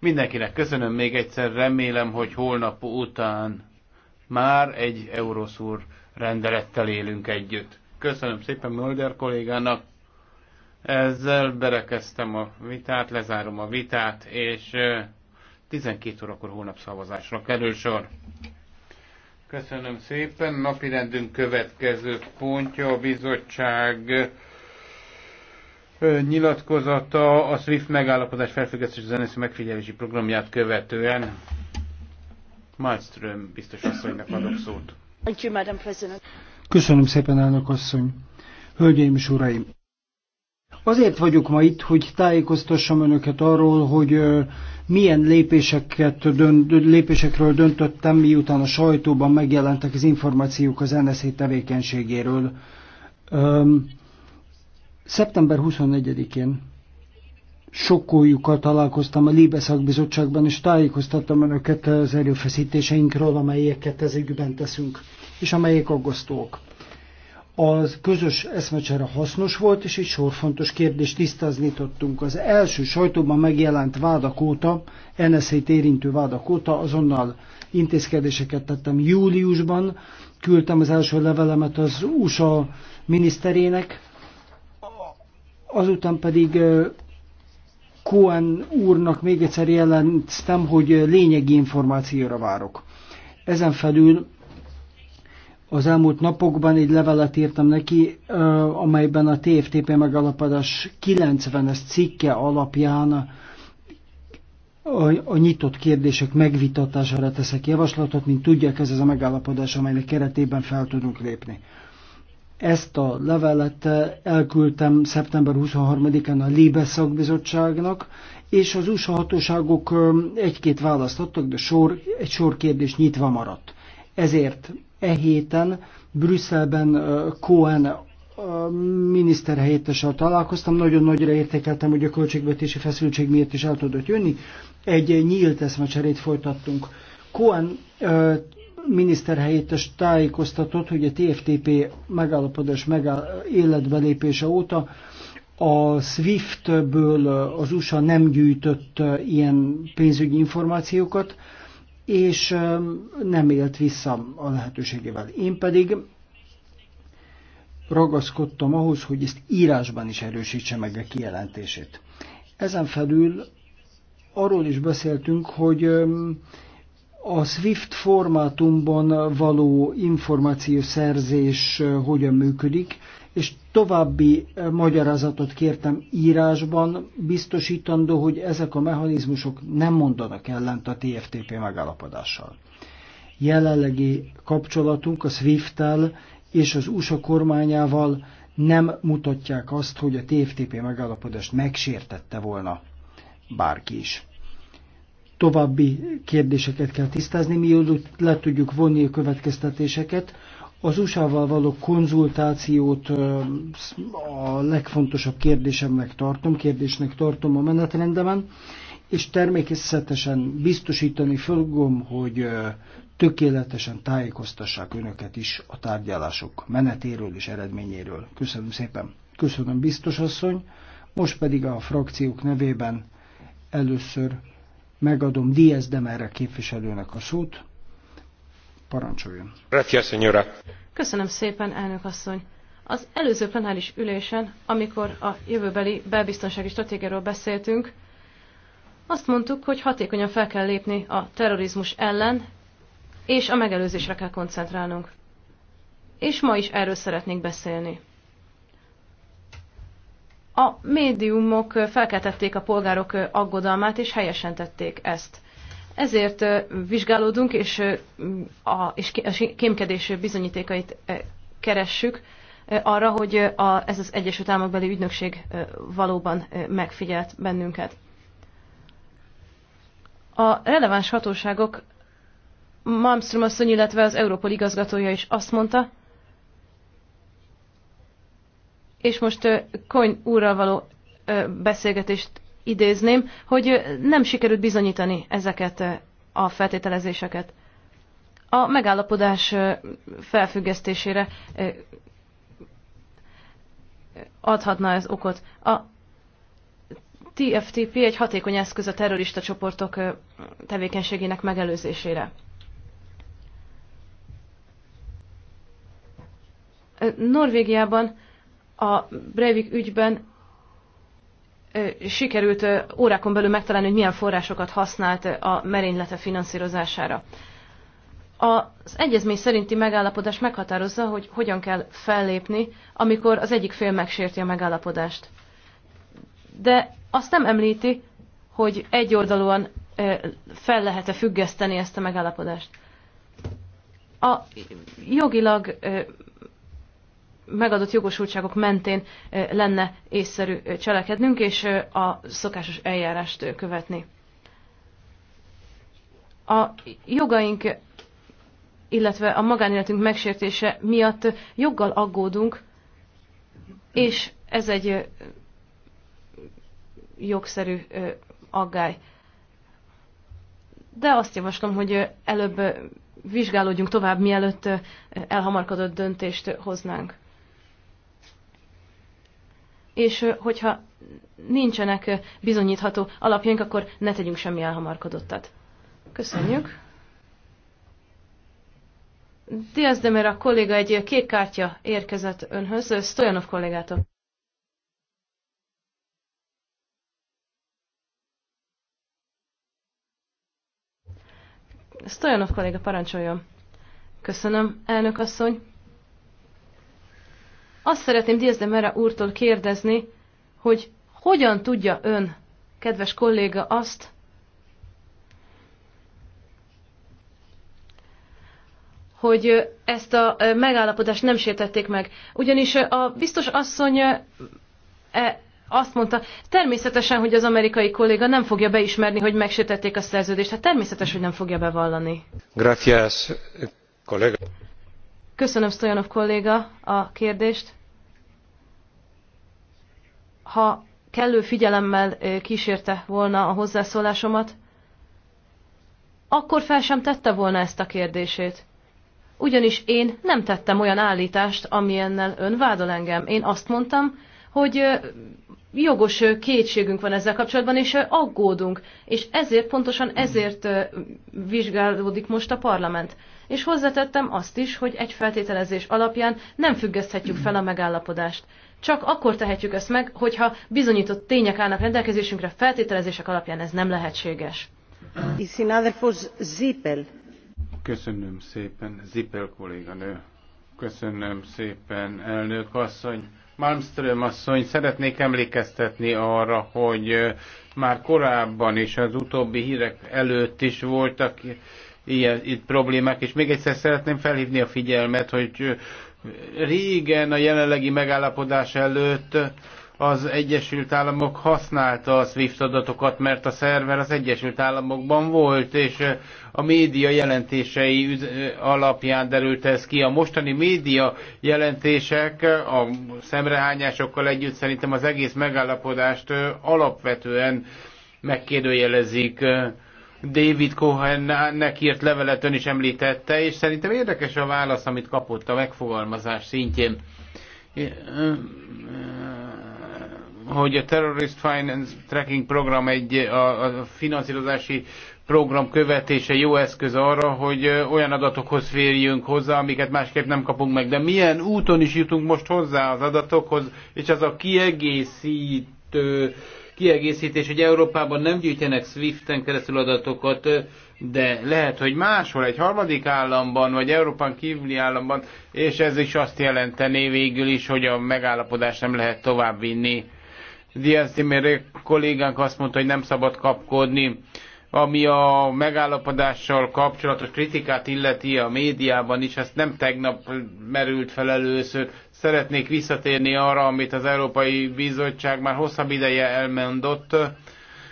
Mindenkinek köszönöm még egyszer, remélem, hogy holnap után már egy Euroszúr rendelettel élünk együtt. Köszönöm szépen Mölder kollégának, ezzel berekeztem a vitát, lezárom a vitát, és 12 órakor holnap szavazásra kerül sor. Köszönöm szépen. Napirendünk következő pontja a bizottság nyilatkozata a SWIFT megállapodás felfüggesztés zenészi megfigyelési programját követően. Malmström biztos asszonynak adok szót. Köszönöm szépen, elnök asszony. Hölgyeim és uraim! Azért vagyok ma itt, hogy tájékoztassam önöket arról, hogy milyen lépéseket lépésekről döntöttem, miután a sajtóban megjelentek az információk az NSZ tevékenységéről. Szeptember 24-én sokkójukkal találkoztam a Libe szakbizottságban, és tájékoztattam önöket az erőfeszítéseinkről, amelyeket ezekben ügyben teszünk, és amelyek aggasztóak. Az közös eszmecsere hasznos volt, és egy sor fontos kérdést tisztázni tudtunk. Az első sajtóban megjelent vádak óta, NSZ-t érintő vádak óta azonnal intézkedéseket tettem júliusban, küldtem az első levelemet az USA miniszterének, Azután pedig Cohen úrnak még egyszer jelentem, hogy lényegi információra várok. Ezen felül az elmúlt napokban egy levelet írtam neki, amelyben a TFTP megalapadás 90-es cikke alapján a, a nyitott kérdések megvitatására teszek javaslatot, mint tudják, ez az a megállapodás, amelynek keretében fel tudunk lépni. Ezt a levelet elküldtem szeptember 23-án a Libe szakbizottságnak, és az USA hatóságok egy-két választ adtak, de sor, egy sor kérdés nyitva maradt. Ezért e héten Brüsszelben Cohen miniszterhelyettesel találkoztam, nagyon nagyra értékeltem, hogy a költségvetési feszültség miért is el tudott jönni. Egy nyílt eszmecserét folytattunk. Cohen miniszterhelyettes tájékoztatott, hogy a TFTP megállapodás megáll, életbelépése óta a SWIFT-ből az USA nem gyűjtött ilyen pénzügyi információkat, és nem élt vissza a lehetőségével. Én pedig ragaszkodtam ahhoz, hogy ezt írásban is erősítse meg a kijelentését. Ezen felül arról is beszéltünk, hogy a SWIFT formátumban való információszerzés eh, hogyan működik, és további eh, magyarázatot kértem írásban, biztosítandó, hogy ezek a mechanizmusok nem mondanak ellent a TFTP megállapodással. Jelenlegi kapcsolatunk a SWIFT-tel és az USA kormányával nem mutatják azt, hogy a TFTP megállapodást megsértette volna bárki is további kérdéseket kell tisztázni, mielőtt le tudjuk vonni a következtetéseket. Az USA-val való konzultációt a legfontosabb kérdésemnek tartom, kérdésnek tartom a menetrendemen, és természetesen biztosítani fogom, hogy tökéletesen tájékoztassák önöket is a tárgyalások menetéről és eredményéről. Köszönöm szépen. Köszönöm biztos asszony, most pedig a frakciók nevében először Megadom de Demerre képviselőnek a szót. Parancsoljon. Köszönöm szépen, elnök asszony. Az előző plenáris ülésen, amikor a jövőbeli belbiztonsági stratégiáról beszéltünk, azt mondtuk, hogy hatékonyan fel kell lépni a terrorizmus ellen, és a megelőzésre kell koncentrálnunk. És ma is erről szeretnék beszélni. A médiumok felkeltették a polgárok aggodalmát, és helyesen tették ezt. Ezért vizsgálódunk, és, a, és a kémkedés bizonyítékait keressük arra, hogy a, ez az Egyesült Államokbeli Ügynökség valóban megfigyelt bennünket. A releváns hatóságok Malmström asszony, illetve az Európol igazgatója is azt mondta, és most Kony úrral való beszélgetést idézném, hogy nem sikerült bizonyítani ezeket a feltételezéseket. A megállapodás felfüggesztésére adhatna ez okot. A TFTP egy hatékony eszköz a terrorista csoportok tevékenységének megelőzésére. Norvégiában a Breivik ügyben sikerült órákon belül megtalálni, hogy milyen forrásokat használt a merénylete finanszírozására. Az egyezmény szerinti megállapodás meghatározza, hogy hogyan kell fellépni, amikor az egyik fél megsérti a megállapodást. De azt nem említi, hogy egyoldalúan fel lehet-e függeszteni ezt a megállapodást. A jogilag megadott jogosultságok mentén lenne észszerű cselekednünk, és a szokásos eljárást követni. A jogaink, illetve a magánéletünk megsértése miatt joggal aggódunk, és ez egy jogszerű aggály. De azt javaslom, hogy előbb vizsgálódjunk tovább, mielőtt elhamarkodott döntést hoznánk és hogyha nincsenek bizonyítható alapjaink, akkor ne tegyünk semmi elhamarkodottat. Köszönjük. Diaz de a kolléga egy kék kártya érkezett önhöz, Stojanov kollégától. Stojanov kolléga, parancsoljon. Köszönöm, elnök asszony. Azt szeretném Diaz de Mera úrtól kérdezni, hogy hogyan tudja ön, kedves kolléga, azt, hogy ezt a megállapodást nem sértették meg. Ugyanis a biztos asszony e, azt mondta, természetesen, hogy az amerikai kolléga nem fogja beismerni, hogy megsértették a szerződést. Hát természetes, hogy nem fogja bevallani. Gracias, kollega. Köszönöm, Stojanov kolléga, a kérdést ha kellő figyelemmel kísérte volna a hozzászólásomat, akkor fel sem tette volna ezt a kérdését. Ugyanis én nem tettem olyan állítást, amilyennel ön vádol engem. Én azt mondtam, hogy jogos kétségünk van ezzel kapcsolatban, és aggódunk. És ezért, pontosan ezért vizsgálódik most a parlament. És hozzátettem azt is, hogy egy feltételezés alapján nem függeszthetjük fel a megállapodást. Csak akkor tehetjük ezt meg, hogyha bizonyított tények állnak rendelkezésünkre, feltételezések alapján ez nem lehetséges. Köszönöm szépen, Zipel kolléganő. Köszönöm szépen, elnök asszony. Malmström asszony, szeretnék emlékeztetni arra, hogy már korábban és az utóbbi hírek előtt is voltak ilyen itt problémák, és még egyszer szeretném felhívni a figyelmet, hogy Régen a jelenlegi megállapodás előtt az Egyesült Államok használta a SWIFT adatokat, mert a szerver az Egyesült Államokban volt, és a média jelentései alapján derült ez ki. A mostani média jelentések a szemrehányásokkal együtt szerintem az egész megállapodást alapvetően megkérdőjelezik. David cohen írt levelet ön is említette, és szerintem érdekes a válasz, amit kapott a megfogalmazás szintjén hogy a Terrorist Finance Tracking program egy a, a finanszírozási program követése jó eszköz arra, hogy olyan adatokhoz férjünk hozzá, amiket másképp nem kapunk meg. De milyen úton is jutunk most hozzá az adatokhoz, és az a kiegészítő kiegészítés, hogy Európában nem gyűjtenek SWIFT-en keresztül adatokat, de lehet, hogy máshol, egy harmadik államban, vagy Európán kívüli államban, és ez is azt jelentené végül is, hogy a megállapodást nem lehet továbbvinni. Diaz Dimére kollégánk azt mondta, hogy nem szabad kapkodni. Ami a megállapodással kapcsolatos kritikát illeti a médiában is, ezt nem tegnap merült fel először. Szeretnék visszatérni arra, amit az Európai Bizottság már hosszabb ideje elmondott,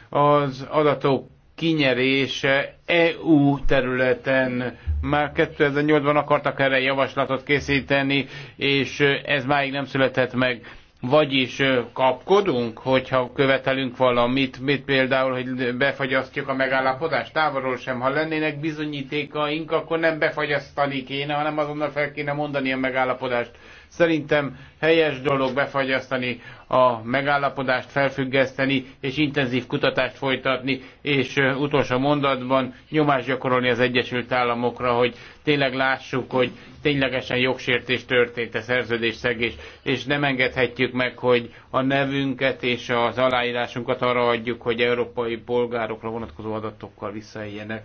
az adatok kinyerése EU területen. Már 2008-ban akartak erre javaslatot készíteni, és ez máig nem született meg. Vagyis kapkodunk, hogyha követelünk valamit, mit például, hogy befagyasztjuk a megállapodást távolról sem. Ha lennének bizonyítékaink, akkor nem befagyasztani kéne, hanem azonnal fel kéne mondani a megállapodást. Szerintem helyes dolog befagyasztani a megállapodást, felfüggeszteni és intenzív kutatást folytatni, és utolsó mondatban nyomást gyakorolni az Egyesült Államokra, hogy tényleg lássuk, hogy ténylegesen jogsértés történt a szerződésszegés, és nem engedhetjük meg, hogy a nevünket és az aláírásunkat arra adjuk, hogy európai polgárokra vonatkozó adatokkal visszaéljenek.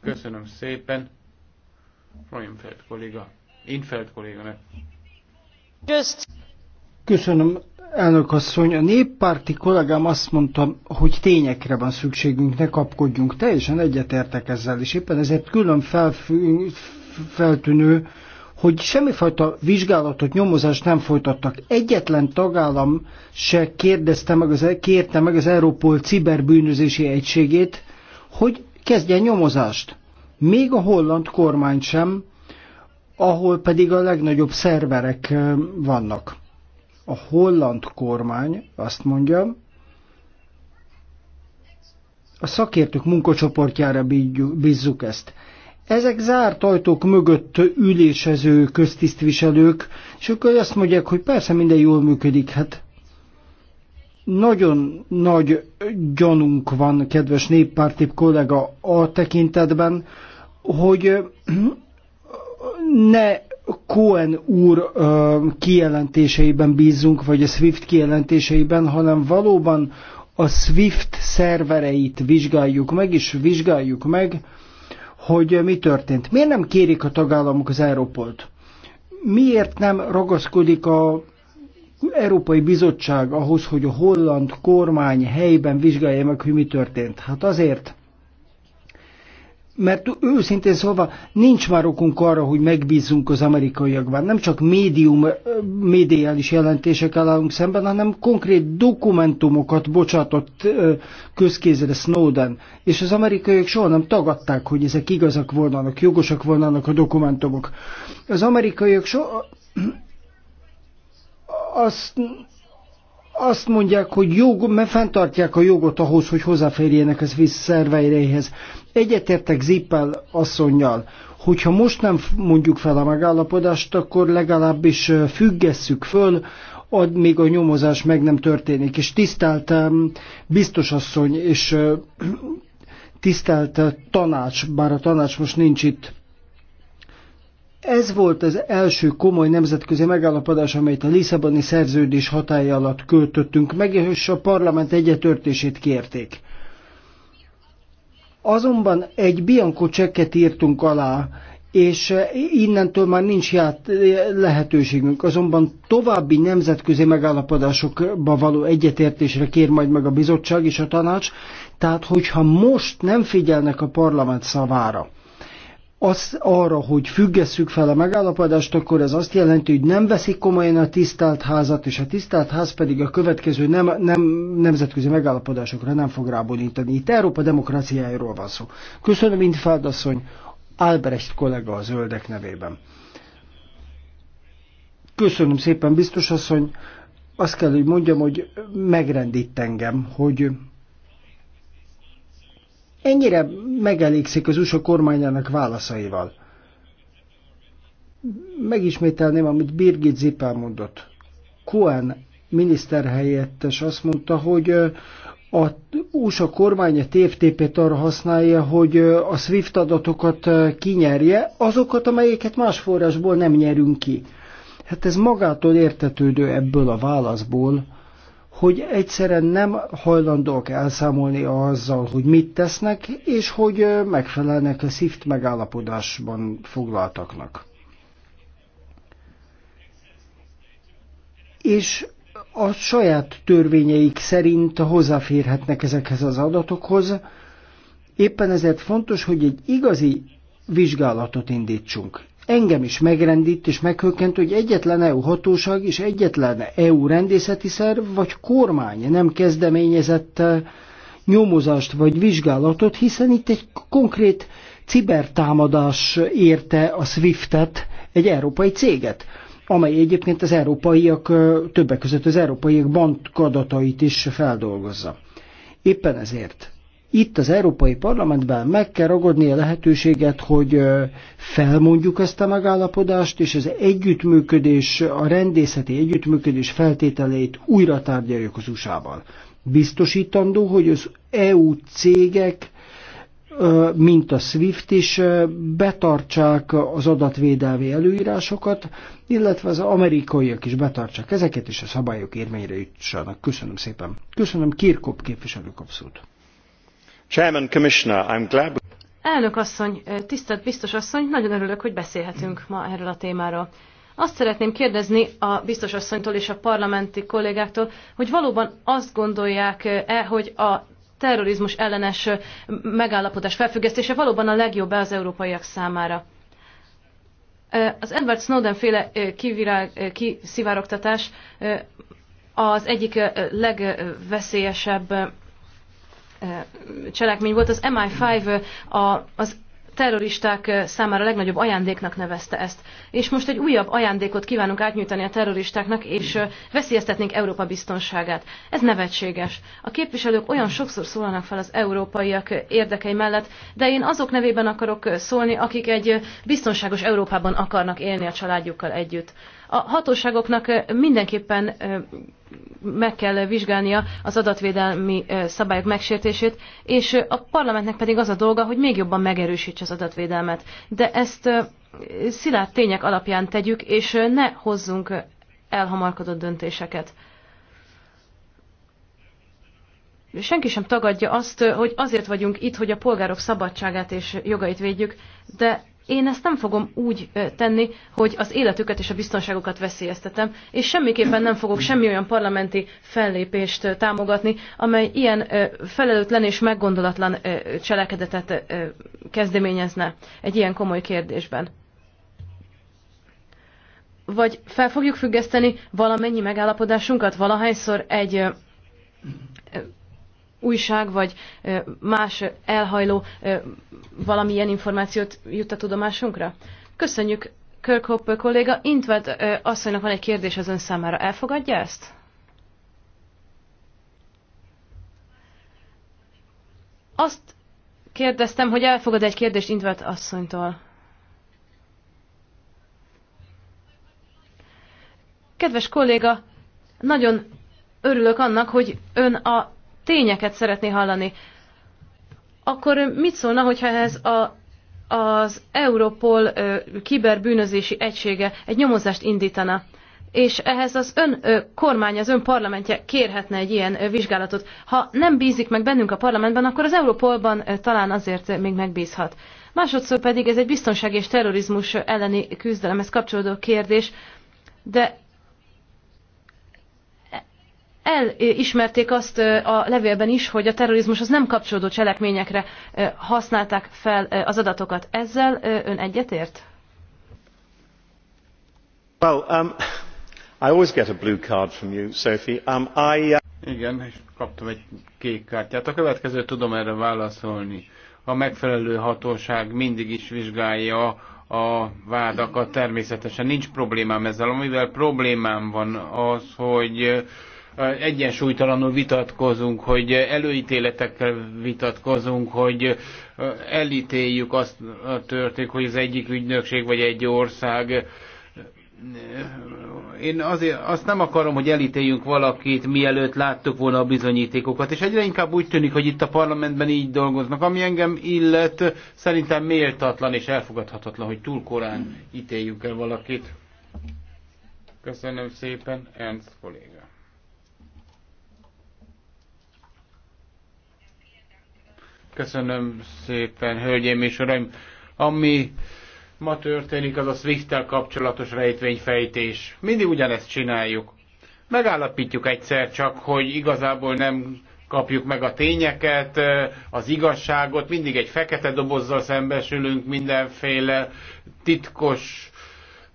Köszönöm szépen. Royenfeld kolléga. Infeld Köszönöm, elnök asszony. A néppárti kollégám azt mondta, hogy tényekre van szükségünk, ne kapkodjunk. Teljesen egyetértek ezzel, és éppen ezért külön feltűnő, hogy semmifajta vizsgálatot, nyomozást nem folytattak. Egyetlen tagállam se kérdezte meg az, e- kérte meg az Európol ciberbűnözési egységét, hogy kezdjen nyomozást. Még a holland kormány sem, ahol pedig a legnagyobb szerverek vannak. A holland kormány azt mondja, a szakértők munkacsoportjára bízzuk ezt. Ezek zárt ajtók mögött ülésező köztisztviselők, és akkor azt mondják, hogy persze minden jól működik, hát nagyon nagy gyanunk van, kedves néppárti kollega, a tekintetben, hogy ne Cohen úr ö, kijelentéseiben bízzunk, vagy a SWIFT kijelentéseiben, hanem valóban a SWIFT szervereit vizsgáljuk meg, és vizsgáljuk meg, hogy mi történt. Miért nem kérik a tagállamok az Európolt? Miért nem ragaszkodik a Európai Bizottság ahhoz, hogy a holland kormány helyben vizsgálja meg, hogy mi történt? Hát azért, mert őszintén szólva nincs már okunk arra, hogy megbízzunk az amerikaiakban. Nem csak médium, médiális jelentésekkel állunk szemben, hanem konkrét dokumentumokat bocsátott közkézre Snowden, és az amerikaiak soha nem tagadták, hogy ezek igazak volnának, jogosak volnának a dokumentumok. Az amerikaiak soha azt azt mondják, hogy jog, mert fenntartják a jogot ahhoz, hogy hozzáférjenek az víz szerveireihez. Egyetértek Zippel asszonynal, hogyha most nem mondjuk fel a megállapodást, akkor legalábbis függesszük föl, ad, még a nyomozás meg nem történik. És tiszteltem biztos asszony, és tisztelt tanács, bár a tanács most nincs itt, ez volt az első komoly nemzetközi megállapodás, amelyet a Lisszaboni szerződés hatája alatt költöttünk meg, és a parlament egyetörtését kérték. Azonban egy bianco csekket írtunk alá, és innentől már nincs ját, lehetőségünk. Azonban további nemzetközi megállapodásokba való egyetértésre kér majd meg a bizottság és a tanács, tehát hogyha most nem figyelnek a parlament szavára, az arra, hogy függesszük fel a megállapodást, akkor ez azt jelenti, hogy nem veszik komolyan a tisztelt házat, és a tisztelt ház pedig a következő nem, nem, nemzetközi megállapodásokra nem fog rábonítani. Itt Európa demokráciájáról van szó. Köszönöm, mint Fáldasszony, Albrecht kollega a zöldek nevében. Köszönöm szépen, biztos asszony. Azt kell, hogy mondjam, hogy megrendít engem, hogy ennyire megelégszik az USA kormányának válaszaival. Megismételném, amit Birgit Zippel mondott. Cohen miniszterhelyettes azt mondta, hogy a USA kormánya TFTP-t arra használja, hogy a SWIFT adatokat kinyerje, azokat, amelyeket más forrásból nem nyerünk ki. Hát ez magától értetődő ebből a válaszból, hogy egyszerűen nem hajlandóak elszámolni azzal, hogy mit tesznek, és hogy megfelelnek a SZIFT megállapodásban foglaltaknak. És a saját törvényeik szerint hozzáférhetnek ezekhez az adatokhoz, éppen ezért fontos, hogy egy igazi vizsgálatot indítsunk engem is megrendít és meghökkent, hogy egyetlen EU hatóság és egyetlen EU rendészeti szerv vagy kormány nem kezdeményezett eh, nyomozást vagy vizsgálatot, hiszen itt egy konkrét cibertámadás érte a SWIFT-et, egy európai céget, amely egyébként az európaiak, eh, többek között az európaiak bankadatait is feldolgozza. Éppen ezért itt az Európai Parlamentben meg kell ragadni a lehetőséget, hogy felmondjuk ezt a megállapodást, és az együttműködés, a rendészeti együttműködés feltételeit újra tárgyaljuk az USA-val. Biztosítandó, hogy az EU cégek, mint a SWIFT is betartsák az adatvédelmi előírásokat, illetve az amerikaiak is betartsák ezeket, és a szabályok érményre jutsanak. Köszönöm szépen. Köszönöm Kirkop képviselőkapszót. Elnök asszony, tisztelt biztos asszony, nagyon örülök, hogy beszélhetünk ma erről a témáról. Azt szeretném kérdezni a biztos asszonytól és a parlamenti kollégáktól, hogy valóban azt gondolják-e, hogy a terrorizmus ellenes megállapodás felfüggesztése valóban a legjobb az európaiak számára. Az Edward Snowden féle kiszivárogtatás az egyik legveszélyesebb cselekmény volt. Az MI5 a, az terroristák számára a legnagyobb ajándéknak nevezte ezt. És most egy újabb ajándékot kívánunk átnyújtani a terroristáknak, és veszélyeztetnénk Európa biztonságát. Ez nevetséges. A képviselők olyan sokszor szólalnak fel az európaiak érdekei mellett, de én azok nevében akarok szólni, akik egy biztonságos Európában akarnak élni a családjukkal együtt. A hatóságoknak mindenképpen meg kell vizsgálnia az adatvédelmi szabályok megsértését, és a parlamentnek pedig az a dolga, hogy még jobban megerősítse az adatvédelmet. De ezt szilárd tények alapján tegyük, és ne hozzunk elhamarkodott döntéseket. Senki sem tagadja azt, hogy azért vagyunk itt, hogy a polgárok szabadságát és jogait védjük, de én ezt nem fogom úgy tenni, hogy az életüket és a biztonságokat veszélyeztetem, és semmiképpen nem fogok semmi olyan parlamenti fellépést támogatni, amely ilyen felelőtlen és meggondolatlan cselekedetet kezdeményezne egy ilyen komoly kérdésben. Vagy fel fogjuk függeszteni valamennyi megállapodásunkat, valahányszor egy újság vagy más elhajló valamilyen információt jut a tudomásunkra? Köszönjük, Kirkhope kolléga. Intved asszonynak van egy kérdés az ön számára. Elfogadja ezt? Azt kérdeztem, hogy elfogad egy kérdést Intved asszonytól. Kedves kolléga, nagyon örülök annak, hogy ön a tényeket szeretné hallani. Akkor mit szólna, hogyha ez a, az Europol kiberbűnözési egysége egy nyomozást indítana? és ehhez az ön ö, kormány, az ön parlamentje kérhetne egy ilyen ö, vizsgálatot. Ha nem bízik meg bennünk a parlamentben, akkor az Európolban ö, talán azért még megbízhat. Másodszor pedig ez egy biztonság és terrorizmus elleni küzdelemhez kapcsolódó kérdés, de elismerték azt a levélben is, hogy a terrorizmus az nem kapcsolódó cselekményekre használták fel az adatokat. Ezzel ön egyetért? Well, um, I always get a blue card from you, Sophie. Um, I, uh... Igen, és kaptam egy kék kártyát. A következőt tudom erre válaszolni. A megfelelő hatóság mindig is vizsgálja a vádakat természetesen. Nincs problémám ezzel. Amivel problémám van az, hogy egyensúlytalanul vitatkozunk, hogy előítéletekkel vitatkozunk, hogy elítéljük azt a történik, hogy az egyik ügynökség vagy egy ország én azért azt nem akarom, hogy elítéljünk valakit, mielőtt láttuk volna a bizonyítékokat, és egyre inkább úgy tűnik, hogy itt a parlamentben így dolgoznak. Ami engem illet, szerintem méltatlan és elfogadhatatlan, hogy túl korán ítéljük el valakit. Köszönöm szépen, Ernst kolléga. Köszönöm szépen, hölgyeim és uraim. Ami ma történik, az a swift kapcsolatos rejtvényfejtés. Mindig ugyanezt csináljuk. Megállapítjuk egyszer csak, hogy igazából nem kapjuk meg a tényeket, az igazságot, mindig egy fekete dobozzal szembesülünk mindenféle titkos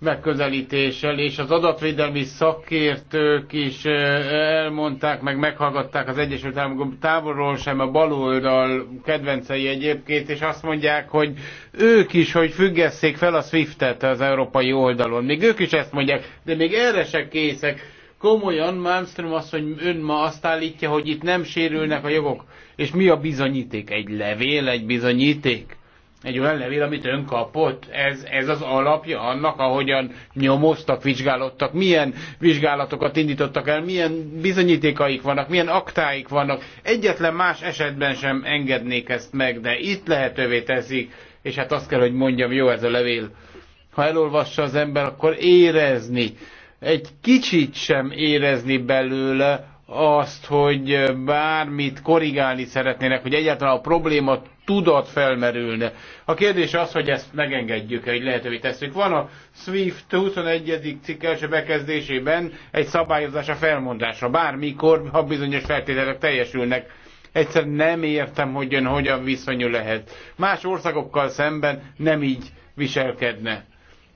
megközelítéssel, és az adatvédelmi szakértők is elmondták, meg meghallgatták az Egyesült Államok távolról sem a baloldal kedvencei egyébként, és azt mondják, hogy ők is, hogy függesszék fel a SWIFT-et az európai oldalon. Még ők is ezt mondják, de még erre se készek. Komolyan Malmström azt, hogy ön ma azt állítja, hogy itt nem sérülnek a jogok. És mi a bizonyíték? Egy levél, egy bizonyíték? egy olyan levél, amit ön kapott, ez, ez az alapja annak, ahogyan nyomoztak, vizsgálódtak, milyen vizsgálatokat indítottak el, milyen bizonyítékaik vannak, milyen aktáik vannak. Egyetlen más esetben sem engednék ezt meg, de itt lehetővé teszik, és hát azt kell, hogy mondjam, jó ez a levél. Ha elolvassa az ember, akkor érezni, egy kicsit sem érezni belőle azt, hogy bármit korrigálni szeretnének, hogy egyáltalán a probléma tudat felmerülne. A kérdés az, hogy ezt megengedjük-e, hogy lehetővé tesszük. Van a SWIFT 21. cikk első bekezdésében egy szabályozás a felmondásra. Bármikor, ha bizonyos feltételek teljesülnek, egyszer nem értem, hogy ön hogyan viszonyul lehet. Más országokkal szemben nem így viselkedne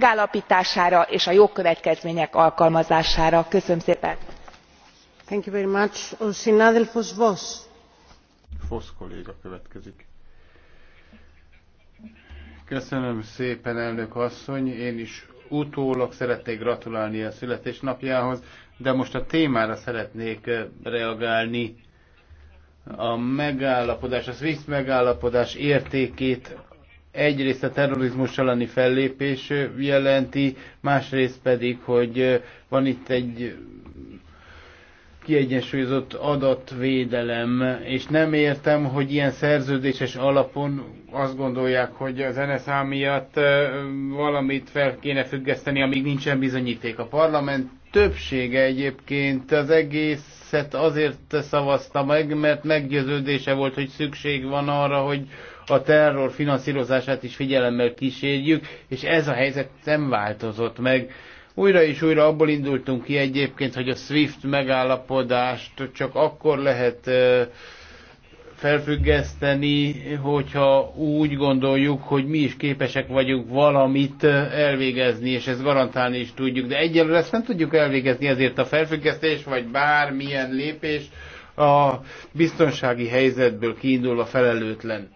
megállaptására és a jogkövetkezmények alkalmazására. köszönöm szépen! következik. Köszönöm szépen, elnök asszony. Én is utólag szeretnék gratulálni a születésnapjához, de most a témára szeretnék eh, reagálni. A megállapodás, a swiss megállapodás értékét egyrészt a terrorizmus elleni fellépés jelenti, másrészt pedig, hogy van itt egy kiegyensúlyozott adatvédelem, és nem értem, hogy ilyen szerződéses alapon azt gondolják, hogy az NSA miatt valamit fel kéne függeszteni, amíg nincsen bizonyíték. A parlament többsége egyébként az egészet azért szavazta meg, mert meggyőződése volt, hogy szükség van arra, hogy a terror finanszírozását is figyelemmel kísérjük, és ez a helyzet nem változott meg. Újra és újra abból indultunk ki egyébként, hogy a SWIFT megállapodást csak akkor lehet felfüggeszteni, hogyha úgy gondoljuk, hogy mi is képesek vagyunk valamit elvégezni, és ezt garantálni is tudjuk. De egyelőre ezt nem tudjuk elvégezni, ezért a felfüggesztés, vagy bármilyen lépés a biztonsági helyzetből kiindul a felelőtlen.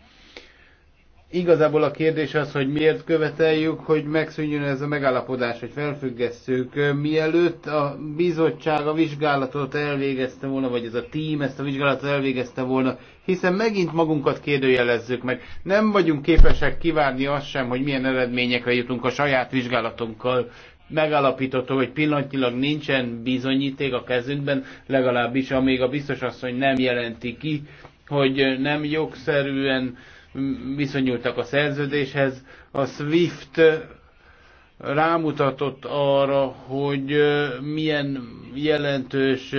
Igazából a kérdés az, hogy miért követeljük, hogy megszűnjön ez a megállapodás, hogy felfüggesszük. Mielőtt a bizottság a vizsgálatot elvégezte volna, vagy ez a tím ezt a vizsgálatot elvégezte volna, hiszen megint magunkat kérdőjelezzük meg. Nem vagyunk képesek kivárni azt sem, hogy milyen eredményekre jutunk a saját vizsgálatunkkal megalapította, hogy pillanatnyilag nincsen bizonyíték a kezünkben, legalábbis amíg a biztos asszony nem jelenti ki, hogy nem jogszerűen viszonyultak a szerződéshez. A SWIFT rámutatott arra, hogy milyen jelentős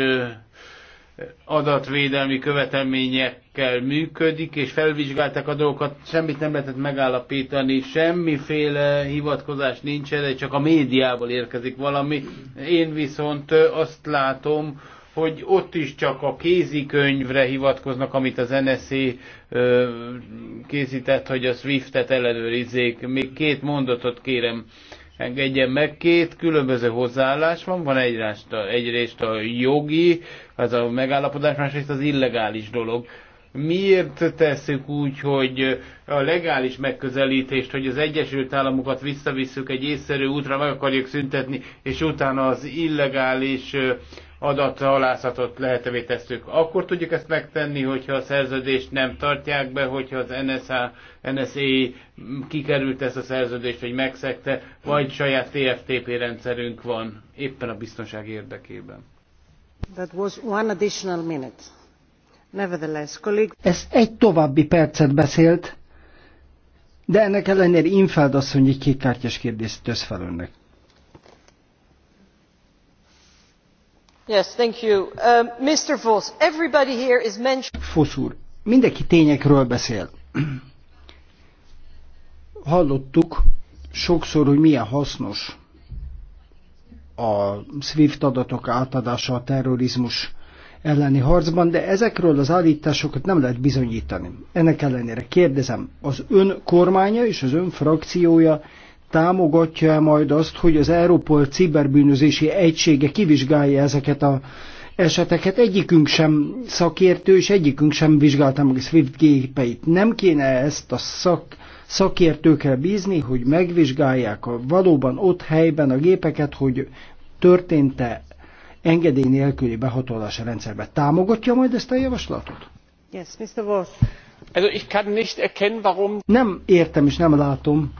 adatvédelmi követelményekkel működik, és felvizsgálták a dolgokat, semmit nem lehetett megállapítani, semmiféle hivatkozás nincs erre, csak a médiából érkezik valami. Én viszont azt látom, hogy ott is csak a kézikönyvre hivatkoznak, amit az NSZ készített, hogy a SWIFT-et ellenőrizzék. Még két mondatot kérem, engedjen meg. Két különböző hozzáállás van, van egyrészt a, egyrészt a jogi, az a megállapodás, másrészt az illegális dolog miért tesszük úgy, hogy a legális megközelítést, hogy az Egyesült Államokat visszavisszük egy észszerű útra, meg akarjuk szüntetni, és utána az illegális adathalászatot lehetővé tesszük. Akkor tudjuk ezt megtenni, hogyha a szerződést nem tartják be, hogyha az NSA, NSA kikerült ezt a szerződést, vagy megszegte, vagy saját TFTP rendszerünk van, éppen a biztonság érdekében. That was one additional minute. Nevertheless, colleague... Ez egy további percet beszélt, de ennek ellenére Infeld asszony egy kékkártyás kérdést tesz fel önnek. Fosz uh, úr, mindenki tényekről beszél. Hallottuk sokszor, hogy milyen hasznos a SWIFT adatok átadása a terrorizmus elleni harcban, de ezekről az állításokat nem lehet bizonyítani. Ennek ellenére kérdezem, az ön kormánya és az ön frakciója támogatja majd azt, hogy az Európol ciberbűnözési egysége kivizsgálja ezeket a eseteket. Egyikünk sem szakértő, és egyikünk sem vizsgálta meg a SWIFT gépeit. Nem kéne ezt a szak, szakértőkre bízni, hogy megvizsgálják a valóban ott helyben a gépeket, hogy történt-e engedély nélküli behatolás a rendszerbe. Támogatja majd ezt a javaslatot? Yes, Mr. Nem értem és nem látom,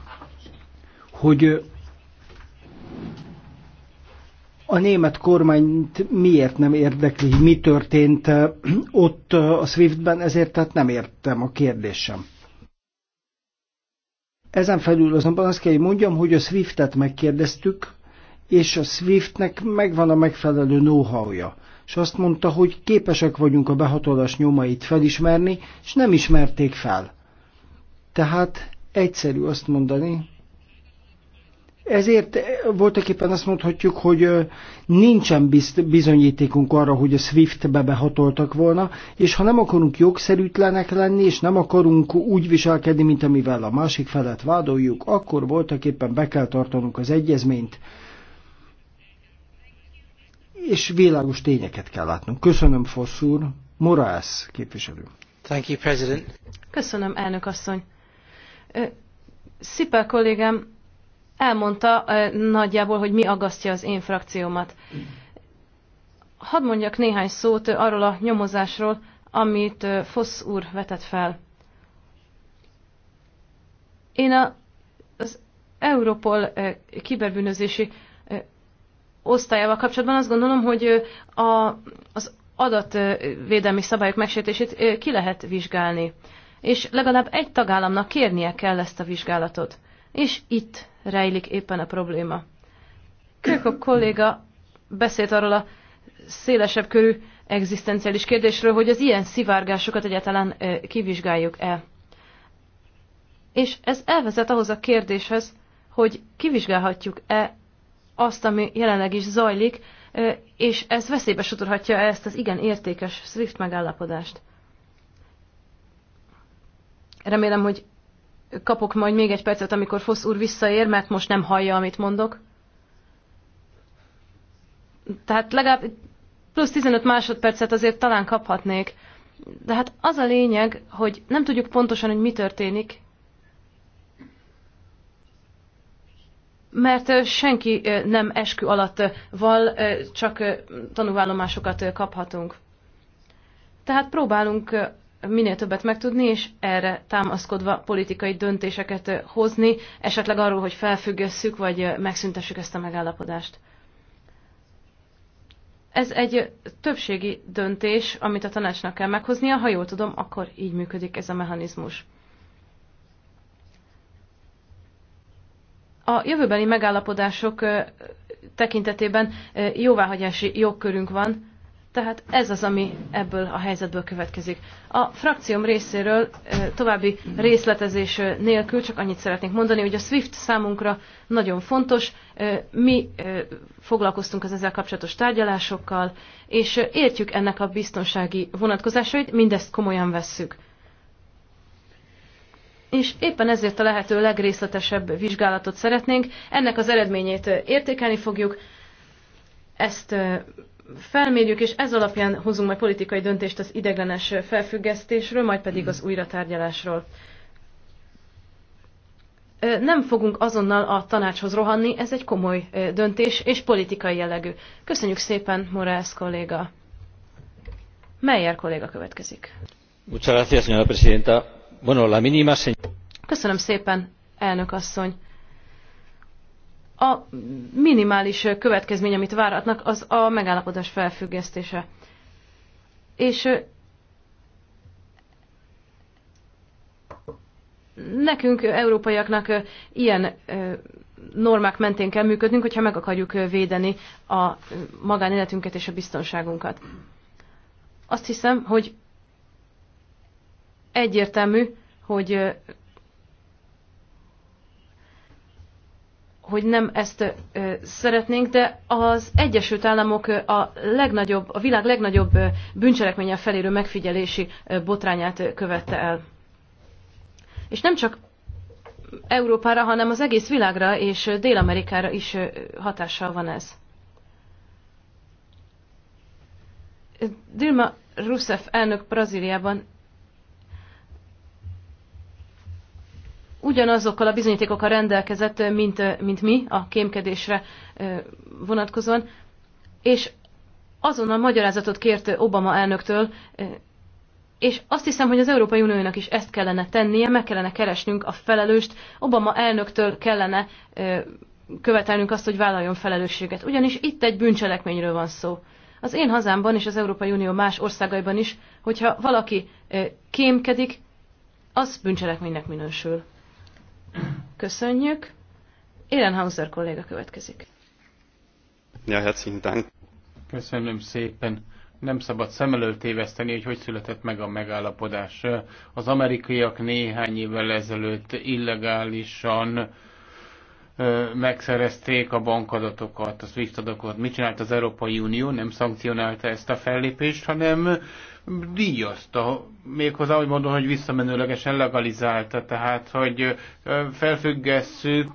hogy a német kormányt miért nem érdekli, mi történt ott a Swiftben, ezért tehát nem értem a kérdésem. Ezen felül azonban azt kell, hogy mondjam, hogy a Swiftet megkérdeztük, és a Swiftnek megvan a megfelelő know-how-ja. És azt mondta, hogy képesek vagyunk a behatolás nyomait felismerni, és nem ismerték fel. Tehát egyszerű azt mondani, ezért voltak éppen azt mondhatjuk, hogy nincsen bizonyítékunk arra, hogy a SWIFT-be behatoltak volna, és ha nem akarunk jogszerűtlenek lenni, és nem akarunk úgy viselkedni, mint amivel a másik felet vádoljuk, akkor voltak éppen be kell tartanunk az egyezményt, és világos tényeket kell látnunk. Köszönöm, Fosszúr. úr. Morász képviselő. Thank you, President. Köszönöm, elnök asszony. Szipel kollégám elmondta nagyjából, hogy mi aggasztja az én frakciómat. Hadd mondjak néhány szót arról a nyomozásról, amit Fosz úr vetett fel. Én a, az Europol kiberbűnözési osztályával kapcsolatban azt gondolom, hogy a, az adatvédelmi szabályok megsértését ki lehet vizsgálni. És legalább egy tagállamnak kérnie kell ezt a vizsgálatot és itt rejlik éppen a probléma. Kirkhope kolléga beszélt arról a szélesebb körű egzisztenciális kérdésről, hogy az ilyen szivárgásokat egyáltalán kivizsgáljuk-e. És ez elvezet ahhoz a kérdéshez, hogy kivizsgálhatjuk-e azt, ami jelenleg is zajlik, és ez veszélybe sodorhatja ezt az igen értékes SWIFT megállapodást. Remélem, hogy kapok majd még egy percet, amikor Fosz úr visszaér, mert most nem hallja, amit mondok. Tehát legalább plusz 15 másodpercet azért talán kaphatnék. De hát az a lényeg, hogy nem tudjuk pontosan, hogy mi történik, mert senki nem eskü alatt val, csak tanúvállomásokat kaphatunk. Tehát próbálunk minél többet megtudni, és erre támaszkodva politikai döntéseket hozni, esetleg arról, hogy felfüggesszük, vagy megszüntessük ezt a megállapodást. Ez egy többségi döntés, amit a tanácsnak kell meghoznia, ha jól tudom, akkor így működik ez a mechanizmus. A jövőbeli megállapodások tekintetében jóváhagyási jogkörünk van, tehát ez az, ami ebből a helyzetből következik. A frakcióm részéről további részletezés nélkül csak annyit szeretnék mondani, hogy a SWIFT számunkra nagyon fontos. Mi foglalkoztunk az ezzel kapcsolatos tárgyalásokkal, és értjük ennek a biztonsági vonatkozásait, mindezt komolyan vesszük. És éppen ezért a lehető legrészletesebb vizsgálatot szeretnénk. Ennek az eredményét értékelni fogjuk. Ezt felmérjük, és ez alapján hozunk majd politikai döntést az ideglenes felfüggesztésről, majd pedig az hmm. újratárgyalásról. Nem fogunk azonnal a tanácshoz rohanni, ez egy komoly döntés, és politikai jellegű. Köszönjük szépen, Morales kolléga. Meyer kolléga következik. Köszönöm szépen, elnök asszony a minimális következmény, amit váratnak, az a megállapodás felfüggesztése. És nekünk, európaiaknak ilyen normák mentén kell működnünk, hogyha meg akarjuk védeni a magánéletünket és a biztonságunkat. Azt hiszem, hogy egyértelmű, hogy hogy nem ezt ö, szeretnénk, de az Egyesült Államok a legnagyobb, a világ legnagyobb bűncselekménye felérő megfigyelési botrányát követte el. És nem csak Európára, hanem az egész világra és Dél-Amerikára is hatással van ez. Dilma Rousseff elnök Brazíliában ugyanazokkal a bizonyítékokkal rendelkezett, mint, mint mi a kémkedésre vonatkozóan, és azonnal magyarázatot kért Obama elnöktől, és azt hiszem, hogy az Európai Uniónak is ezt kellene tennie, meg kellene keresnünk a felelőst, Obama elnöktől kellene követelnünk azt, hogy vállaljon felelősséget. Ugyanis itt egy bűncselekményről van szó. Az én hazámban és az Európai Unió más országaiban is, hogyha valaki kémkedik, az bűncselekménynek minősül. Köszönjük. Hauser kolléga következik. Ja, herzlichen Dank. Köszönöm szépen. Nem szabad szem előtt téveszteni, hogy hogy született meg a megállapodás. Az amerikaiak néhány évvel ezelőtt illegálisan megszerezték a bankadatokat, a SWIFT adatokat. Mit csinált az Európai Unió? Nem szankcionálta ezt a fellépést, hanem díjazta, méghozzá úgy mondom, hogy visszamenőlegesen legalizálta, tehát hogy felfüggesszük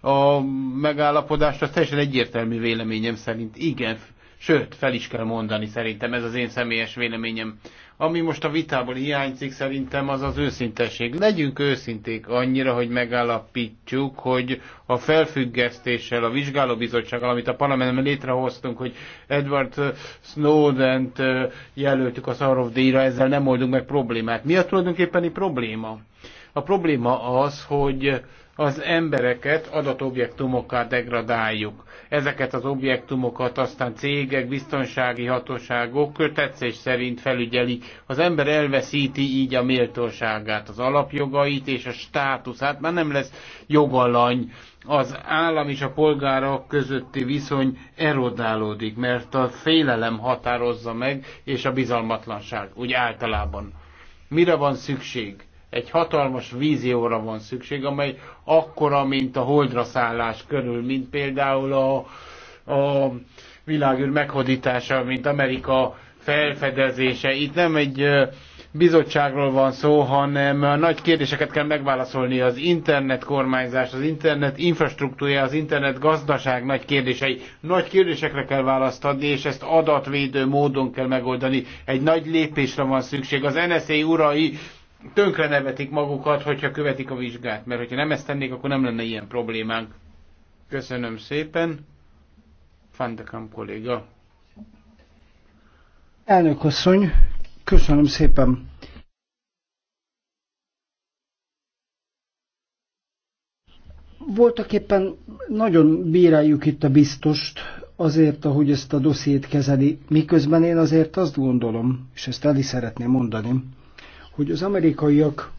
a megállapodást, az teljesen egyértelmű véleményem szerint igen, sőt, fel is kell mondani szerintem, ez az én személyes véleményem. Ami most a vitából hiányzik szerintem az az őszintesség. Legyünk őszinték annyira, hogy megállapítsuk, hogy a felfüggesztéssel, a vizsgálóbizottsággal, amit a parlamentben létrehoztunk, hogy Edward Snowden-t jelöltük a Szarov díjra, ezzel nem oldunk meg problémát. Mi a tulajdonképpeni probléma? A probléma az, hogy az embereket adatobjektumokká degradáljuk. Ezeket az objektumokat aztán cégek, biztonsági hatóságok kötetszés szerint felügyelik. Az ember elveszíti így a méltóságát, az alapjogait és a státuszát, már nem lesz jogalany. Az állam és a polgárok közötti viszony erodálódik, mert a félelem határozza meg, és a bizalmatlanság, úgy általában. Mire van szükség? Egy hatalmas vízióra van szükség, amely akkora, mint a holdra szállás körül, mint például a, a világűr meghódítása, mint Amerika felfedezése. Itt nem egy bizottságról van szó, hanem nagy kérdéseket kell megválaszolni. Az internet kormányzás, az internet infrastruktúrája, az internet gazdaság nagy kérdései. Nagy kérdésekre kell választ adni, és ezt adatvédő módon kell megoldani. Egy nagy lépésre van szükség. Az NSA urai tönkre nevetik magukat, hogyha követik a vizsgát, mert hogyha nem ezt tennék, akkor nem lenne ilyen problémánk. Köszönöm szépen. Fandekam kolléga. Elnök asszony, köszönöm szépen. Voltak éppen nagyon bíráljuk itt a biztost azért, ahogy ezt a dossziét kezeli, miközben én azért azt gondolom, és ezt el is szeretném mondani, hogy az amerikaiak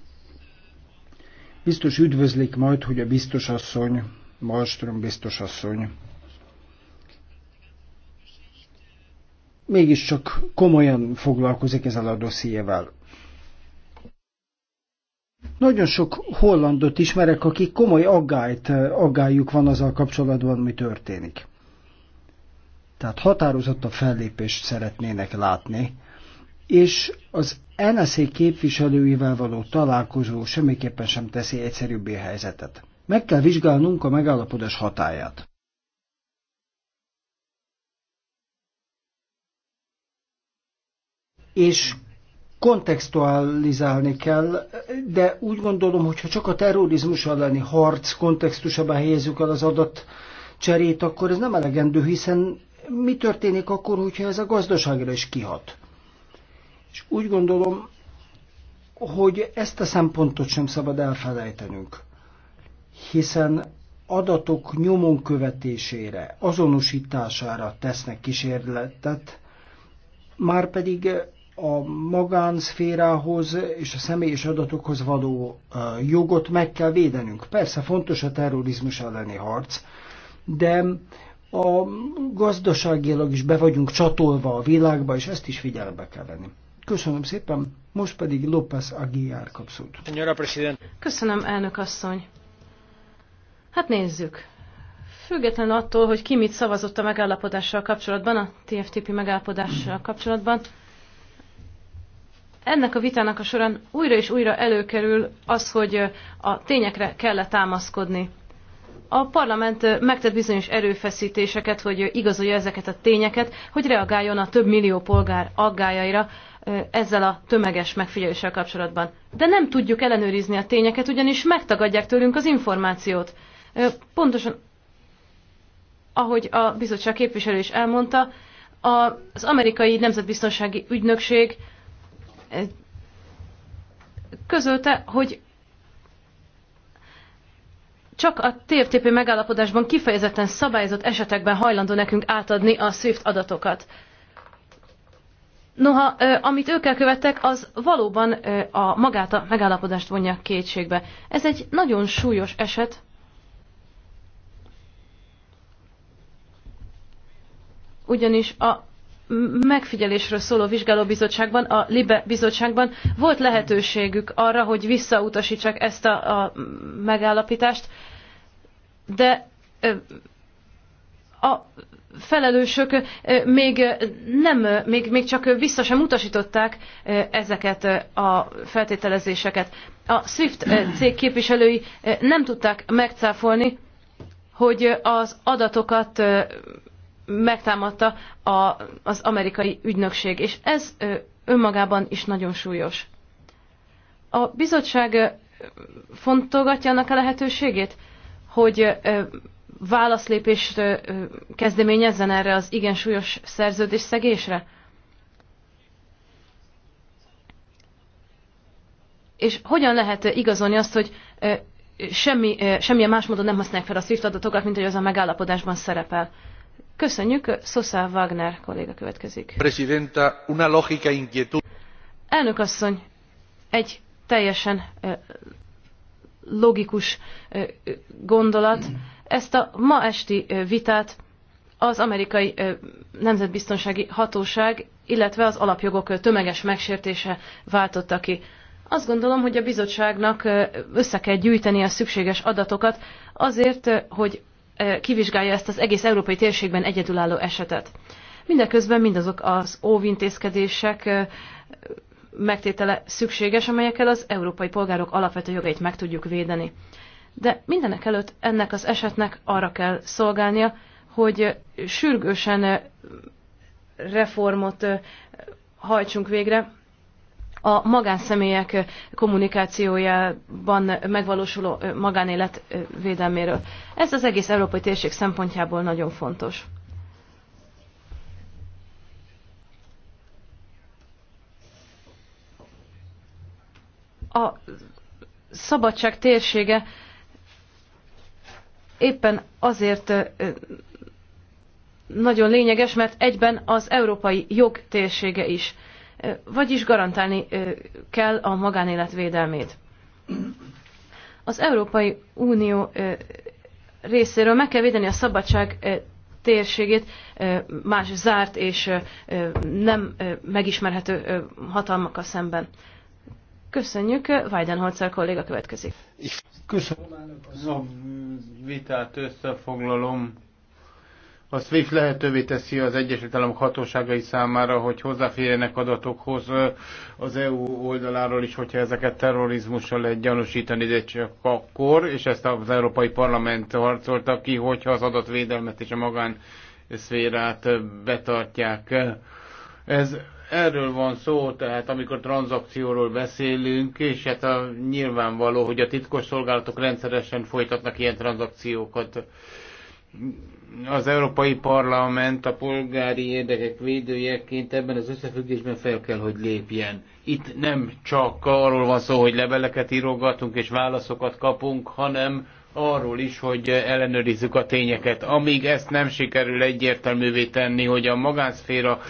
biztos üdvözlik majd, hogy a biztosasszony, Malmström biztosasszony mégiscsak komolyan foglalkozik ezzel a dossziével. Nagyon sok hollandot ismerek, akik komoly aggályt, aggályuk van azzal kapcsolatban, mi történik. Tehát határozott a fellépést szeretnének látni és az NSZ képviselőivel való találkozó semmiképpen sem teszi egyszerűbbé a helyzetet. Meg kell vizsgálnunk a megállapodás hatáját. És kontextualizálni kell, de úgy gondolom, hogy ha csak a terrorizmus elleni harc kontextusába helyezzük el az adat cserét, akkor ez nem elegendő, hiszen mi történik akkor, hogyha ez a gazdaságra is kihat? És úgy gondolom, hogy ezt a szempontot sem szabad elfelejtenünk, hiszen adatok nyomon követésére, azonosítására tesznek kísérletet, már pedig a magánszférához és a személyes adatokhoz való jogot meg kell védenünk. Persze fontos a terrorizmus elleni harc, de a gazdaságilag is be vagyunk csatolva a világba, és ezt is figyelembe kell venni. Köszönöm szépen, most pedig López Aguilar kap szót. Köszönöm, elnök asszony. Hát nézzük. Független attól, hogy ki mit szavazott a megállapodással kapcsolatban, a TFTP megállapodással kapcsolatban, ennek a vitának a során újra és újra előkerül az, hogy a tényekre kell -e támaszkodni. A parlament megtett bizonyos erőfeszítéseket, hogy igazolja ezeket a tényeket, hogy reagáljon a több millió polgár aggájaira, ezzel a tömeges megfigyeléssel kapcsolatban. De nem tudjuk ellenőrizni a tényeket, ugyanis megtagadják tőlünk az információt. Pontosan, ahogy a bizottság képviselő is elmondta, az amerikai nemzetbiztonsági ügynökség közölte, hogy csak a TFTP megállapodásban kifejezetten szabályozott esetekben hajlandó nekünk átadni a SWIFT adatokat. Noha, amit ők elkövettek, az valóban a magát a megállapodást vonja kétségbe. Ez egy nagyon súlyos eset. Ugyanis a megfigyelésről szóló vizsgálóbizottságban, a LIBE bizottságban volt lehetőségük arra, hogy visszautasítsák ezt a, a megállapítást, de a felelősök még, nem, még, még csak vissza sem utasították ezeket a feltételezéseket. A SWIFT cég képviselői nem tudták megcáfolni, hogy az adatokat megtámadta a, az amerikai ügynökség, és ez önmagában is nagyon súlyos. A bizottság fontolgatja annak a lehetőségét, hogy válaszlépést kezdeményezzen erre az igen súlyos szerződés szegésre? És hogyan lehet igazolni azt, hogy semmi, semmilyen más módon nem használják fel a SWIFT adatokat, mint hogy az a megállapodásban szerepel? Köszönjük, Szoszá Wagner kolléga következik. Presidenta, una lógica inquietud. Elnök asszony, egy teljesen logikus gondolat. Mm ezt a ma esti vitát az amerikai nemzetbiztonsági hatóság, illetve az alapjogok tömeges megsértése váltotta ki. Azt gondolom, hogy a bizottságnak össze kell gyűjteni a szükséges adatokat azért, hogy kivizsgálja ezt az egész európai térségben egyedülálló esetet. Mindeközben mindazok az óvintézkedések megtétele szükséges, amelyekkel az európai polgárok alapvető jogait meg tudjuk védeni de mindenek előtt ennek az esetnek arra kell szolgálnia, hogy sürgősen reformot hajtsunk végre, a magánszemélyek kommunikációjában megvalósuló magánélet védelméről. Ez az egész európai térség szempontjából nagyon fontos. A szabadság térsége éppen azért nagyon lényeges, mert egyben az európai jog térsége is. Vagyis garantálni kell a magánélet védelmét. Az Európai Unió részéről meg kell védeni a szabadság térségét más zárt és nem megismerhető hatalmakkal szemben. Köszönjük. Weidenholzer kolléga következik. Köszönöm a vitát összefoglalom. A SWIFT lehetővé teszi az Egyesült Államok hatóságai számára, hogy hozzáférjenek adatokhoz az EU oldaláról is, hogyha ezeket terrorizmussal lehet gyanúsítani, de csak akkor, és ezt az Európai Parlament harcolta ki, hogyha az adatvédelmet és a magán szférát betartják. Ez Erről van szó, tehát amikor tranzakcióról beszélünk, és hát a, nyilvánvaló, hogy a titkos szolgálatok rendszeresen folytatnak ilyen tranzakciókat. Az Európai Parlament a polgári érdekek védőjeként ebben az összefüggésben fel kell, hogy lépjen. Itt nem csak arról van szó, hogy leveleket írogatunk és válaszokat kapunk, hanem arról is, hogy ellenőrizzük a tényeket. Amíg ezt nem sikerül egyértelművé tenni, hogy a magánszféra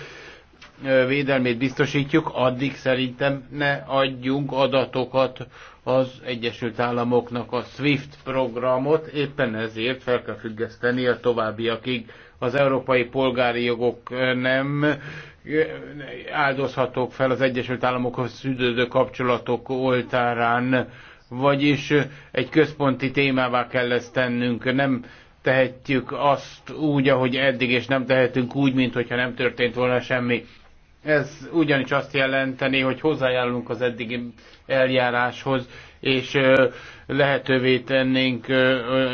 védelmét biztosítjuk, addig szerintem ne adjunk adatokat az Egyesült Államoknak a SWIFT programot, éppen ezért fel kell függeszteni a továbbiakig. Az európai polgári jogok nem áldozhatók fel az Egyesült Államokhoz szűdődő kapcsolatok oltárán, vagyis egy központi témává kell ezt tennünk, nem tehetjük azt úgy, ahogy eddig, és nem tehetünk úgy, mintha nem történt volna semmi. Ez ugyanis azt jelenteni, hogy hozzájárulunk az eddigi eljáráshoz, és lehetővé tennénk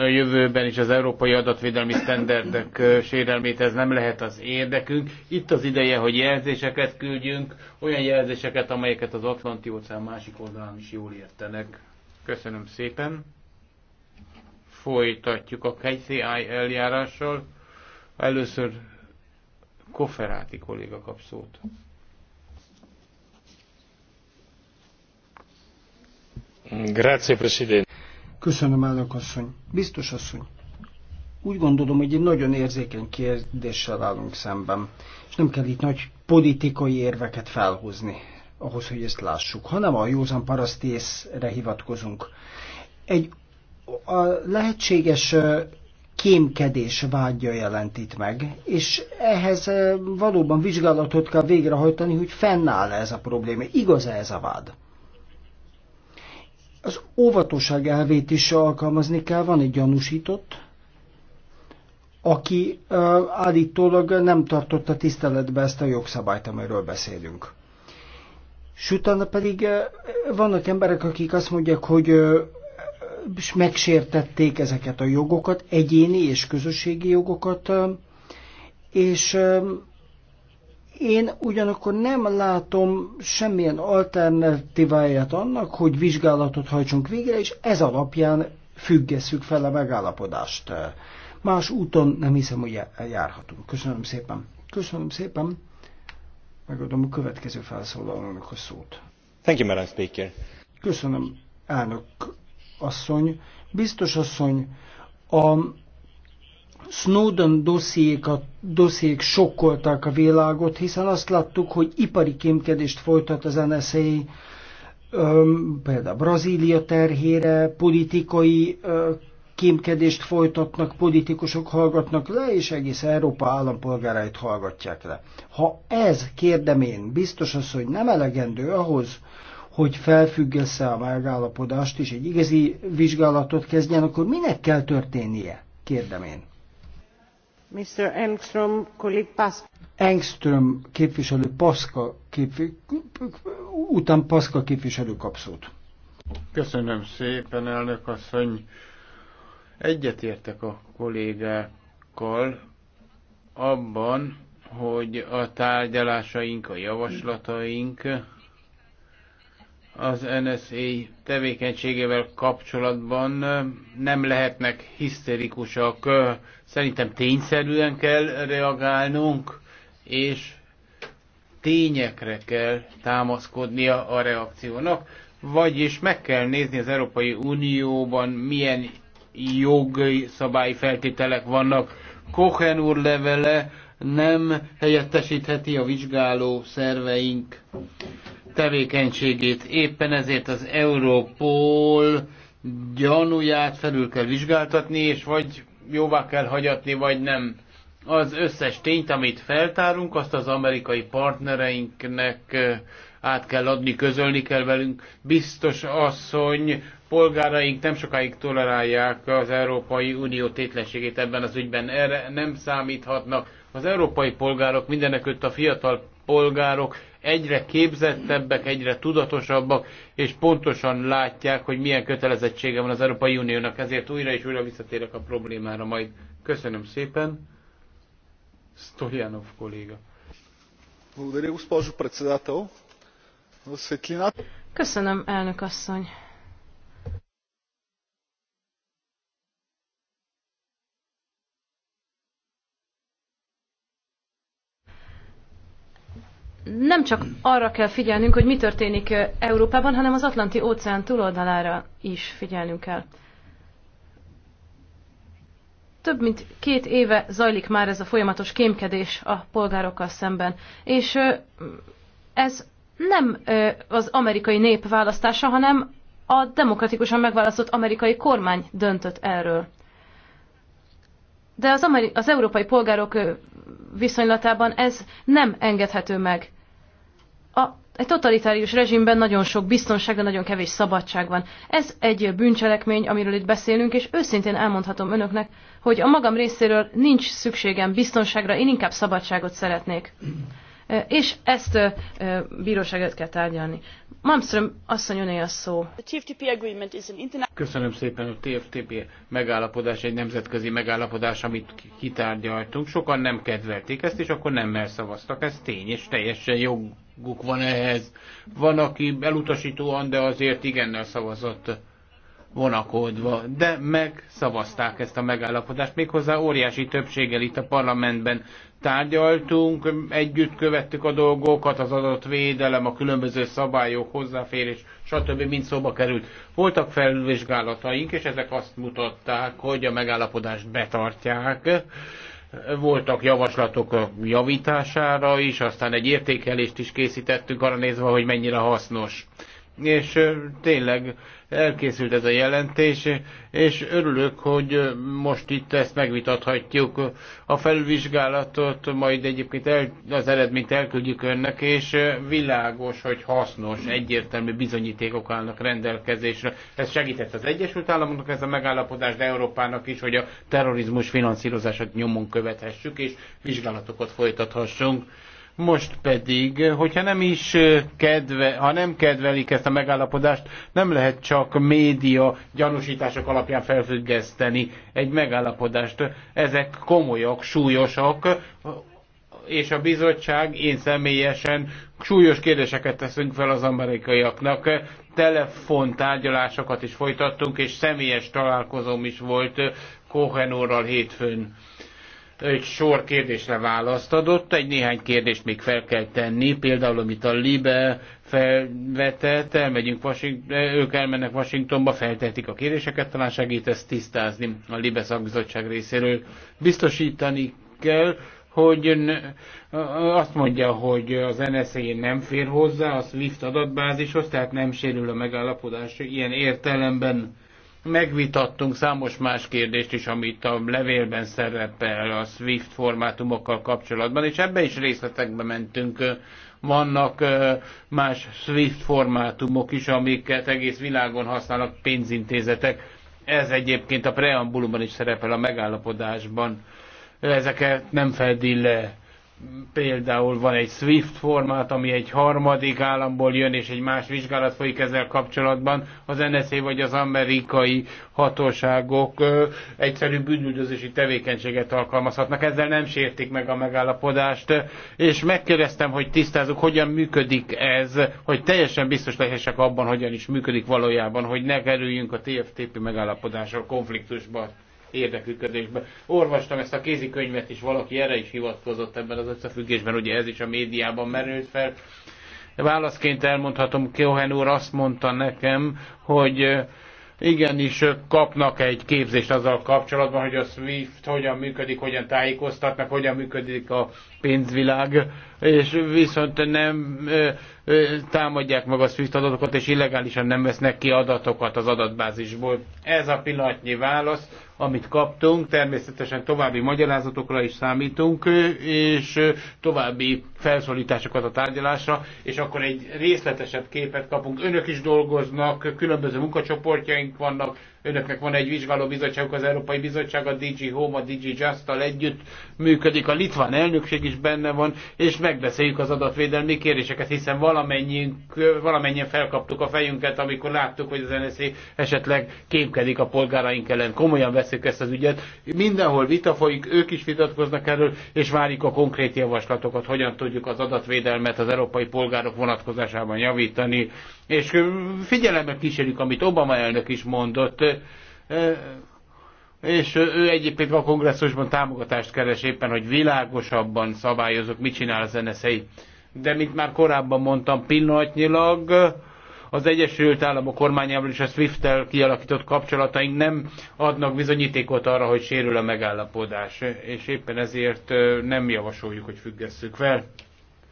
a jövőben is az európai adatvédelmi sztenderdek sérelmét, ez nem lehet az érdekünk. Itt az ideje, hogy jelzéseket küldjünk, olyan jelzéseket, amelyeket az Atlanti óceán másik oldalán is jól értenek. Köszönöm szépen. Folytatjuk a KCI eljárással. Először Koferáti kolléga kap szót. Grazie, Presidente. Köszönöm, elnök asszony. Biztos asszony. Úgy gondolom, hogy egy nagyon érzékeny kérdéssel állunk szemben, és nem kell itt nagy politikai érveket felhozni ahhoz, hogy ezt lássuk, hanem a józan parasztészre hivatkozunk. Egy a lehetséges kémkedés vágya jelent itt meg, és ehhez eh, valóban vizsgálatot kell végrehajtani, hogy fennáll -e ez a probléma, igaz-e ez a vád. Az óvatosság elvét is alkalmazni kell, van egy gyanúsított, aki eh, állítólag nem tartotta tiszteletbe ezt a jogszabályt, amiről beszélünk. És utána pedig eh, vannak emberek, akik azt mondják, hogy és megsértették ezeket a jogokat, egyéni és közösségi jogokat, és én ugyanakkor nem látom semmilyen alternatíváját annak, hogy vizsgálatot hajtsunk végre, és ez alapján függesszük fel a megállapodást. Más úton nem hiszem, hogy járhatunk. Köszönöm szépen. Köszönöm szépen. Megadom a következő felszólalónak a szót. Thank you, Madam Speaker. Köszönöm, elnök asszony. Biztos asszony, a Snowden dossziék sokkolták a világot, hiszen azt láttuk, hogy ipari kémkedést folytat az NSA, öm, például Brazília terhére, politikai öm, kémkedést folytatnak, politikusok hallgatnak le, és egész Európa állampolgárait hallgatják le. Ha ez, kérdem én, biztos az, hogy nem elegendő ahhoz, hogy felfüggesse a megállapodást, és egy igazi vizsgálatot kezdjen, akkor minek kell történnie? Kérdem én. Mr. Engström, kollég Paszka. Engström képviselő Paszka képviselő, után Paszka képviselő kapszót. Köszönöm szépen, elnök asszony. Egyetértek a kollégákkal abban, hogy a tárgyalásaink, a javaslataink az NSA tevékenységével kapcsolatban nem lehetnek hiszterikusak. Szerintem tényszerűen kell reagálnunk, és tényekre kell támaszkodnia a reakciónak, vagyis meg kell nézni az Európai Unióban milyen jogi szabályi feltételek vannak. Kohen úr levele nem helyettesítheti a vizsgáló szerveink tevékenységét. Éppen ezért az Európol gyanúját felül kell vizsgáltatni, és vagy jóvá kell hagyatni, vagy nem. Az összes tényt, amit feltárunk, azt az amerikai partnereinknek eh, át kell adni, közölni kell velünk. Biztos asszony, polgáraink nem sokáig tolerálják az Európai Unió tétlenségét ebben az ügyben. Erre nem számíthatnak. Az európai polgárok, mindenekőtt a fiatal polgárok egyre képzettebbek, egyre tudatosabbak, és pontosan látják, hogy milyen kötelezettsége van az Európai Uniónak, ezért újra és újra visszatérek a problémára majd. Köszönöm szépen. Stojanov kolléga. Köszönöm, elnök asszony. nem csak arra kell figyelnünk, hogy mi történik Európában, hanem az Atlanti óceán túloldalára is figyelnünk kell. Több mint két éve zajlik már ez a folyamatos kémkedés a polgárokkal szemben, és ez nem az amerikai nép választása, hanem a demokratikusan megválasztott amerikai kormány döntött erről. De az, amerik az európai polgárok viszonylatában ez nem engedhető meg. A, egy totalitárius rezsimben nagyon sok biztonság, de nagyon kevés szabadság van. Ez egy bűncselekmény, amiről itt beszélünk, és őszintén elmondhatom önöknek, hogy a magam részéről nincs szükségem biztonságra, én inkább szabadságot szeretnék. E, és ezt e, e, bíróság előtt kell tárgyalni. Malmström asszony öné a szó. Köszönöm szépen a TFTP megállapodás, egy nemzetközi megállapodás, amit kitárgyaltunk. Sokan nem kedvelték ezt, és akkor nem elszavaztak. Ez tény, és teljesen jog, joguk van ehhez. Van, aki elutasítóan, de azért igennel szavazott vonakodva. De megszavazták ezt a megállapodást, méghozzá óriási többséggel itt a parlamentben tárgyaltunk, együtt követtük a dolgokat, az adatvédelem, a különböző szabályok, hozzáférés, stb. mind szóba került. Voltak felvizsgálataink, és ezek azt mutatták, hogy a megállapodást betartják voltak javaslatok a javítására is, aztán egy értékelést is készítettünk arra nézve, hogy mennyire hasznos. És tényleg elkészült ez a jelentés, és örülök, hogy most itt ezt megvitathatjuk. A felvizsgálatot majd egyébként el, az eredményt elküldjük önnek, és világos, hogy hasznos, egyértelmű bizonyítékok állnak rendelkezésre. Ez segített az Egyesült Államoknak, ez a megállapodás, de Európának is, hogy a terrorizmus finanszírozását nyomon követhessük, és vizsgálatokat folytathassunk most pedig, hogyha nem is kedve, ha nem kedvelik ezt a megállapodást, nem lehet csak média gyanúsítások alapján felfüggeszteni egy megállapodást. Ezek komolyak, súlyosak, és a bizottság, én személyesen súlyos kérdéseket teszünk fel az amerikaiaknak. Telefon tárgyalásokat is folytattunk, és személyes találkozóm is volt Cohen úrral hétfőn egy sor kérdésre választ adott, egy néhány kérdést még fel kell tenni, például amit a Libe felvetett, elmegyünk Washington, eh, ők elmennek Washingtonba, feltehetik a kérdéseket, talán segít ezt tisztázni a Libe szakbizottság részéről. Biztosítani kell, hogy azt mondja, hogy az NSA nem fér hozzá a SWIFT adatbázishoz, tehát nem sérül a megállapodás ilyen értelemben Megvitattunk számos más kérdést is, amit a levélben szerepel a SWIFT formátumokkal kapcsolatban, és ebbe is részletekbe mentünk. Vannak más SWIFT formátumok is, amiket egész világon használnak pénzintézetek. Ez egyébként a preambulumban is szerepel a megállapodásban. Ezeket nem fedi le például van egy SWIFT formát, ami egy harmadik államból jön, és egy más vizsgálat folyik ezzel kapcsolatban, az NSZ vagy az amerikai hatóságok ö, egyszerű bűnüldözési tevékenységet alkalmazhatnak. Ezzel nem sértik meg a megállapodást, és megkérdeztem, hogy tisztázok, hogyan működik ez, hogy teljesen biztos lehessek abban, hogyan is működik valójában, hogy ne kerüljünk a TFTP megállapodással konfliktusba érdeküködésbe. orvastam ezt a kézikönyvet, és valaki erre is hivatkozott ebben az összefüggésben, ugye ez is a médiában merült fel. Válaszként elmondhatom, Kohen úr azt mondta nekem, hogy igenis kapnak egy képzést azzal kapcsolatban, hogy a SWIFT hogyan működik, hogyan tájékoztatnak, hogyan működik a pénzvilág, és viszont nem ö, ö, támadják meg a SWIFT adatokat, és illegálisan nem vesznek ki adatokat az adatbázisból. Ez a pillanatnyi válasz amit kaptunk. Természetesen további magyarázatokra is számítunk, és további felszólításokat a tárgyalásra, és akkor egy részletesebb képet kapunk. Önök is dolgoznak, különböző munkacsoportjaink vannak, Önöknek van egy vizsgálóbizottságuk, az Európai Bizottság, a DG Home, a DG Just-tal együtt működik, a litván elnökség is benne van, és megbeszéljük az adatvédelmi kéréseket, hiszen valamennyien felkaptuk a fejünket, amikor láttuk, hogy az NSZ esetleg kémkedik a polgáraink ellen. Komolyan veszük ezt az ügyet. Mindenhol vita folyik, ők is vitatkoznak erről, és várjuk a konkrét javaslatokat, hogyan tudjuk az adatvédelmet az európai polgárok vonatkozásában javítani. És figyelembe kísérjük, amit Obama elnök is mondott, és ő egyébként a kongresszusban támogatást keres éppen, hogy világosabban szabályozok, mit csinál az zeneszei. De mint már korábban mondtam, pillanatnyilag az Egyesült Államok kormányával és a SWIFT-tel kialakított kapcsolataink nem adnak bizonyítékot arra, hogy sérül a megállapodás, és éppen ezért nem javasoljuk, hogy függesszük fel.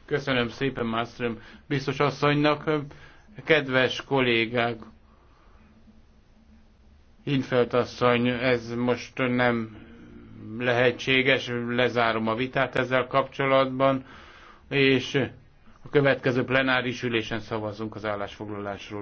Köszönöm szépen Mászlöm biztos asszonynak. Kedves kollégák, Infelt asszony, ez most nem lehetséges, lezárom a vitát ezzel kapcsolatban, és a következő plenáris ülésen szavazunk az állásfoglalásról.